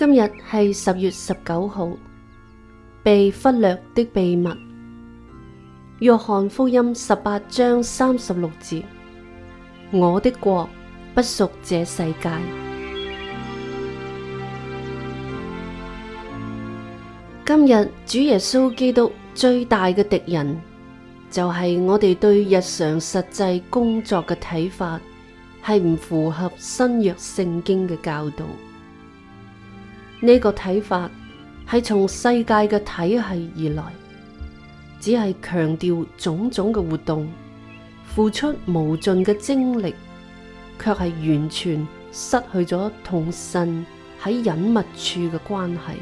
今日係十月十九號，被忽略的秘密。約翰福音十八章三十六節：我的國不屬這世界。今日主耶穌基督最大嘅敵人，就係我哋對日常實際工作嘅睇法，係唔符合新約聖經嘅教導。呢個睇法係從世界嘅體係而來，只係強調種種嘅活動，付出無盡嘅精力，卻係完全失去咗同神喺隱密處嘅關係。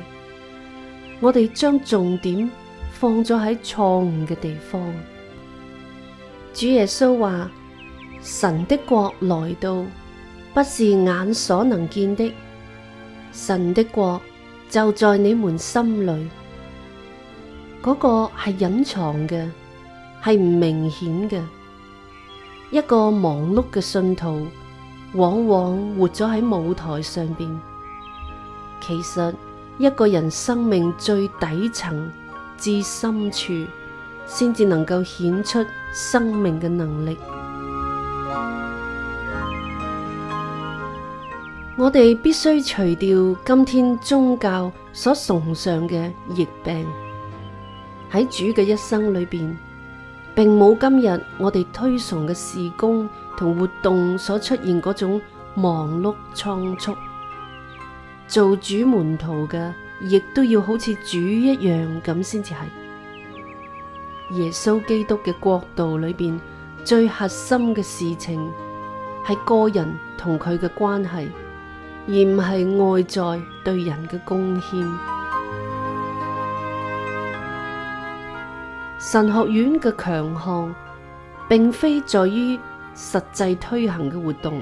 我哋將重點放咗喺錯誤嘅地方。主耶穌話：神的國來到，不是眼所能見的。神的國就在你們心裏，嗰個係隱藏嘅，係唔明顯嘅。一個忙碌嘅信徒，往往活咗喺舞台上邊，其實一個人生命最底層至深處，先至能夠顯出生命嘅能力。我哋必須除掉今天宗教所崇尚嘅疫病。喺主嘅一生裏邊，並冇今日我哋推崇嘅事工同活動所出現嗰種忙碌倉促。做主門徒嘅，亦都要好似主一樣咁先至係。耶穌基督嘅國度裏邊最核心嘅事情，係個人同佢嘅關係，而唔係外在對人嘅貢獻，神學院嘅強項並非在於實際推行嘅活動，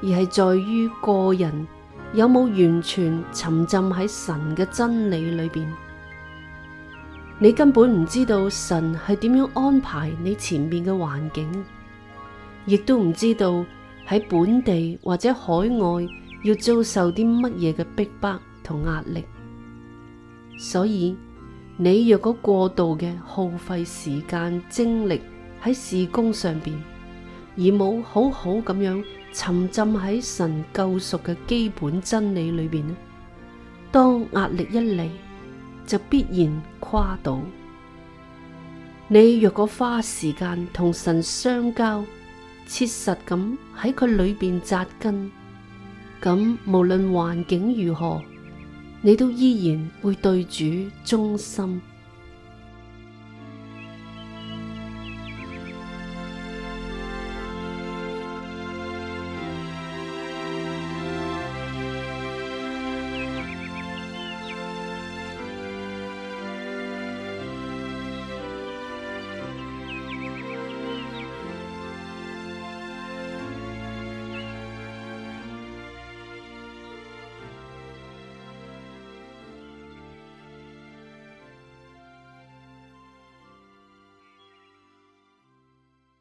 而係在於個人有冇完全沉浸喺神嘅真理裡面。你根本唔知道神係點樣安排你前面嘅環境，亦都唔知道喺本地或者海外，要遭受啲乜嘢嘅逼迫同壓力，所以你若果過度嘅耗費時間精力喺事工上邊，而冇好好咁樣沉浸喺神救贖嘅基本真理裏邊呢，當壓力一嚟，就必然垮倒。你若果花時間同神相交，切實咁喺佢裏邊紮根。咁無論環境如何，你都依然會對主忠心。